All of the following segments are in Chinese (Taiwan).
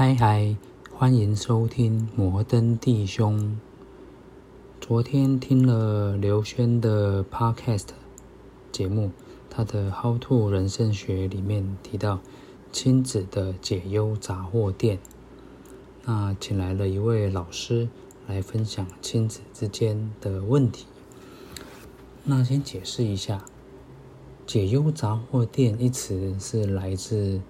嗨嗨，hi hi, 歡迎收聽摩登弟兄。昨天聽了劉軒的 Podcast 節目，他的《How to 人生學》裡面提到親子的解憂雜貨店，那請來了一位老師來分享親子之間的問題。那先解釋一下“解憂雜貨店”一詞是來自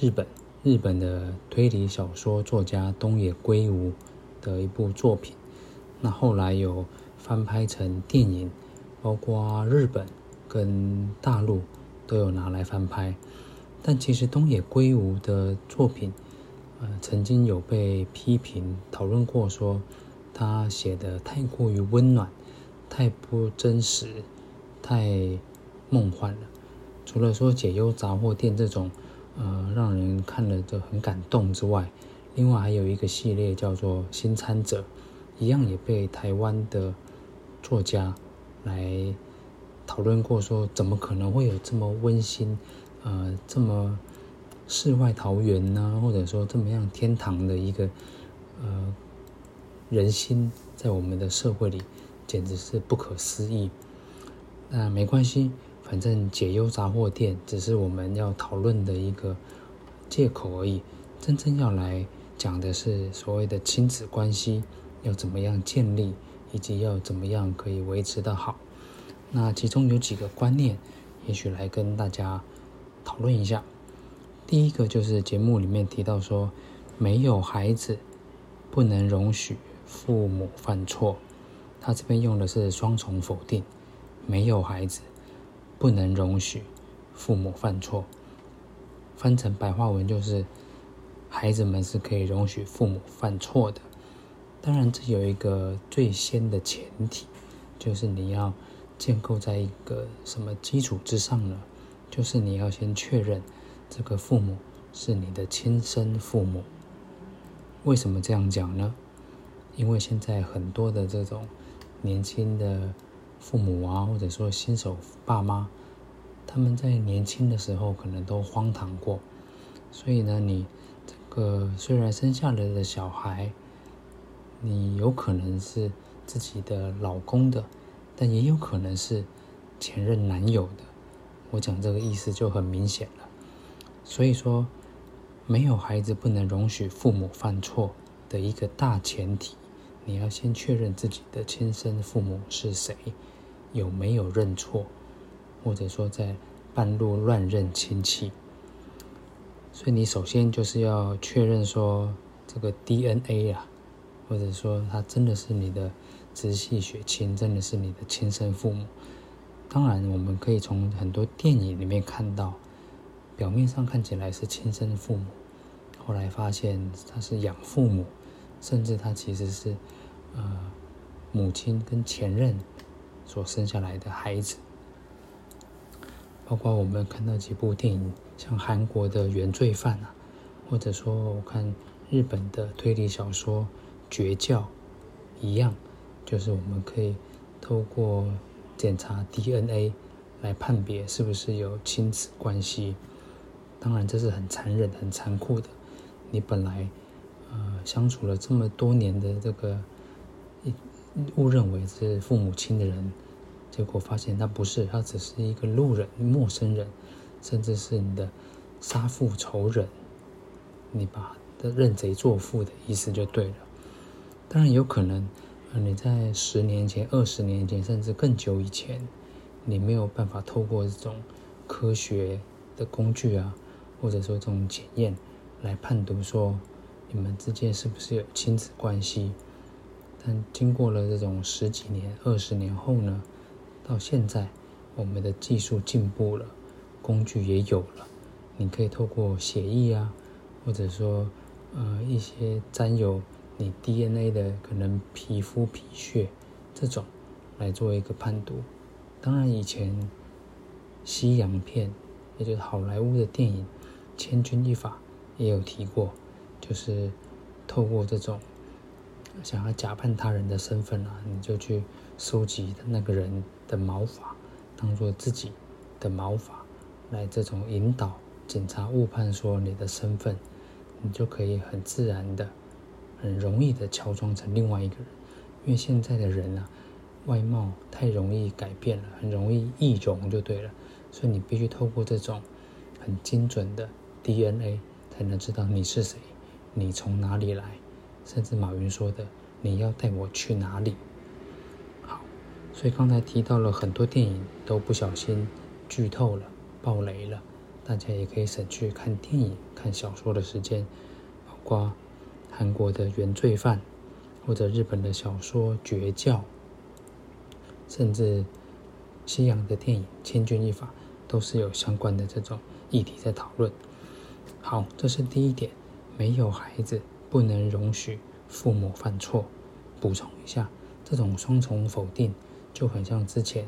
日本。日本的推理小說作家東野圭吾的一部作品，那後來有翻拍成電影，包括日本跟大陸都有拿來翻拍。但其實東野圭吾的作品，呃，曾經有被批評討論過說，說他寫得太過於溫暖、太不真實、太夢幻了。除了說《解憂雜貨店》這種。呃，讓人看了就很感動之外，另外還有一個系列叫做《新參者》，一樣也被台灣的作家來討論過，說怎麼可能會有這麼溫馨、呃，這麼世外桃源呢？啊？或者說這麼樣天堂的一個呃人心，在我們的社會裡簡直是不可思議。那沒關係。反正解憂雜貨店只是我們要討論的一個借口而已。真正要來講的是所謂的親子關係要怎麼樣建立，以及要怎麼樣可以維持得好。那其中有幾個觀念，也許來跟大家討論一下。第一個就是節目裡面提到說，沒有孩子不能容許父母犯錯。他這邊用的是雙重否定，沒有孩子。不能容許父母犯錯，翻成白話文就是，孩子們是可以容許父母犯錯的。當然，這有一個最先的前提，就是你要建構在一個什麼基礎之上呢？就是你要先確認這個父母是你的親生父母。為什麼這樣講呢？因為現在很多的這種年輕的。父母啊，或者說新手爸媽，他們在年輕的時候可能都荒唐過，所以呢，你這個雖然生下來的小孩，你有可能是自己的老公的，但也有可能是前任男友的。我講這個意思就很明顯了，所以說沒有孩子不能容許父母犯錯的一個大前提。你要先確認自己的親生父母是誰，有沒有認錯，或者說在半路亂認親戚。所以你首先就是要確認說這個 DNA 啊，或者說他真的是你的直系血親，真的是你的親生父母。當然，我們可以從很多電影裡面看到，表面上看起來是親生父母，後來發現他是養父母。甚至他其實是，呃，母親跟前任所生下來的孩子，包括我們看到幾部電影像，像韓國的《原罪犯》啊，或者說我看日本的推理小說《絕叫》一樣，就是我們可以透過檢查 DNA 來判別是不是有親子關係。當然，這是很殘忍、很殘酷的。你本來。呃，相處了這麼多年的這個，誤認為是父母親的人，結果發現他不是，他只是一個路人、陌生人，甚至是你的殺父仇人。你把認賊作父的意思就對了。當然有可能，呃，你在十年前、二十年前，甚至更久以前，你沒有辦法透過這種科學的工具啊，或者說這種檢驗來判讀說。你們之間是不是有親子關係？但經過了這種十幾年、二十年後呢？到現在，我們的技術進步了，工具也有了，你可以透過血液啊，或者說呃一些沾有你 DNA 的可能皮膚皮屑這種來做一個判讀。當然，以前西洋片，也就是好萊塢的電影《千鈞一髮》也有提過。就是透過這種想要假扮他人的身份啊，你就去收集的那個人的毛髮，當做自己的毛髮，來這種引導警察誤判說你的身份，你就可以很自然的、很容易的喬裝成另外一個人。因為現在的人啊，外貌太容易改變了，很容易易容就對了。所以你必須透過這種很精準的 DNA 才能知道你是誰。你從哪裡來？甚至馬雲說的“你要帶我去哪裡？”好，所以剛才提到了很多電影都不小心劇透了、爆雷了，大家也可以省去看電影、看小說的時間。包括韓國的《原罪犯》，或者日本的小說《絕叫》，甚至西洋的電影《千鈞一發》，都是有相關的這種議題在討論。好，這是第一點。沒有孩子不能容許父母犯錯。補充一下，這種雙重否定就很像之前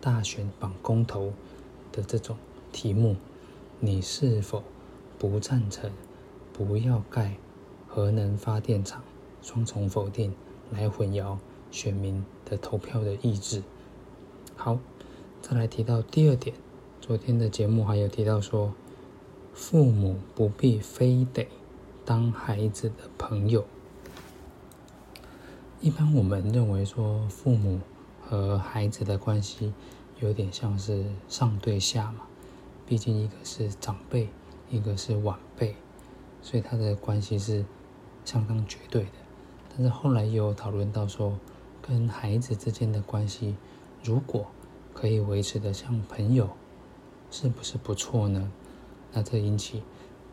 大選綁公投的這種題目：你是否不贊成不要蓋核能發電廠？雙重否定來混淆選民的投票的意志。好，再來提到第二點，昨天的節目還有提到說，父母不必非得。當孩子的朋友，一般我們認為說，父母和孩子的關係有點像是上對下嘛，畢竟一個是長輩，一個是晚輩，所以他的關係是相當絕對的。但是後來又討論到說，跟孩子之間的關係，如果可以維持得像朋友，是不是不錯呢？那這引起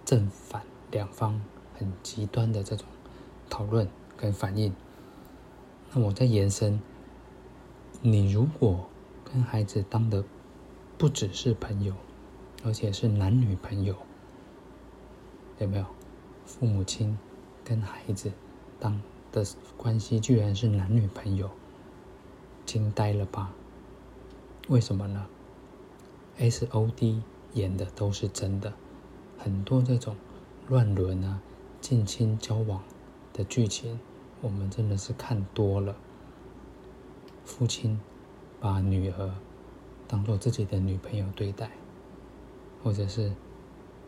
正反兩方。很極端的這種討論跟反應，那我在延伸，你如果跟孩子當的不只是朋友，而且是男女朋友，有沒有？父母親跟孩子當的關係居然是男女朋友，驚呆了吧？為什麼呢？SOD 演的都是真的，很多這種亂倫啊。近親交往的劇情，我們真的是看多了。父親把女兒當做自己的女朋友對待，或者是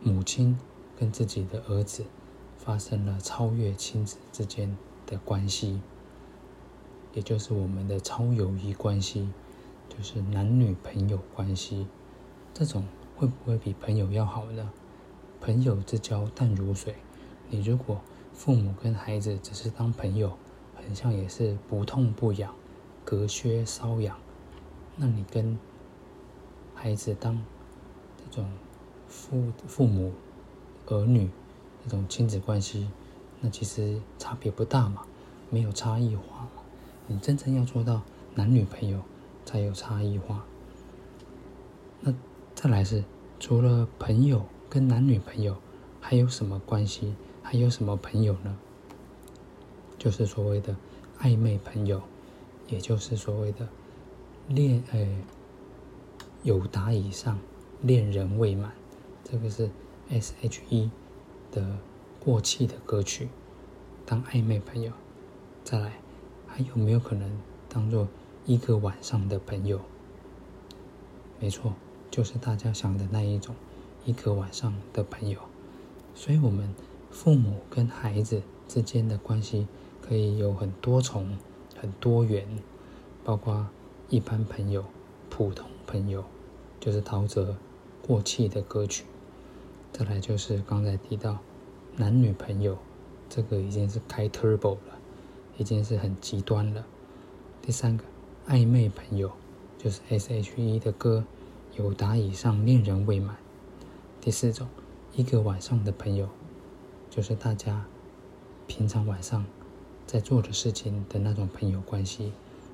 母親跟自己的兒子發生了超越親子之間的關係，也就是我們的超友誼關係，就是男女朋友關係，這種會不會比朋友要好呢？朋友之交淡如水。你如果父母跟孩子只是當朋友，很像也是不痛不癢、隔靴搔癢。那你跟孩子當這種父母父母、兒女這種親子關係，那其實差別不大嘛，沒有差異化嘛。你真正要做到男女朋友才有差異化。那再來是，除了朋友跟男女朋友，還有什麼關係？還有什麼朋友呢？就是所謂的曖昧朋友，也就是所謂的戀，呃，友達以上戀人未滿，這個是 S.H.E 的過氣的歌曲，當曖昧朋友。再來，還有沒有可能當做一個晚上的朋友？沒錯，就是大家想的那一種一個晚上的朋友。所以我們。父母跟孩子之間的關係可以有很多重、很多元，包括一般朋友、普通朋友，就是陶喆過氣的歌曲；再來就是剛才提到男女朋友，這個已經是開 Turbo 了，已經是很極端了。第三個曖昧朋友就是 S.H.E 的歌，友達以上戀人未滿。第四種一個晚上的朋友。就是大家平常晚上在做的事情的那種朋友關係，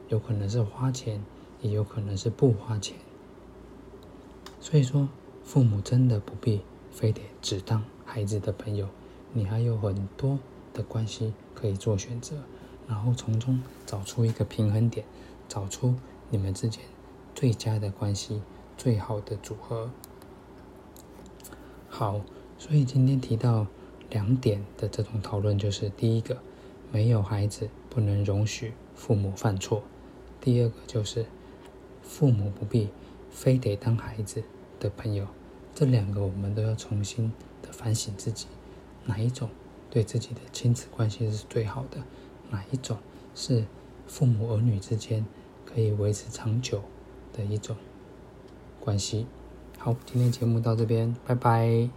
有可能是花錢，也有可能是不花錢。所以說，父母真的不必非得只當孩子的朋友，你還有很多的關係可以做選擇，然後從中找出一個平衡點，找出你們之間最佳的關係、最好的組合。好，所以今天提到。兩點的這種討論，就是第一個，沒有孩子不能容許父母犯錯；第二個就是，父母不必非得當孩子的朋友。這兩個我們都要重新的反省自己，哪一種對自己的親子關係是最好的？哪一種是父母兒女之間可以維持長久的一種關係？好，今天節目到這邊，拜拜。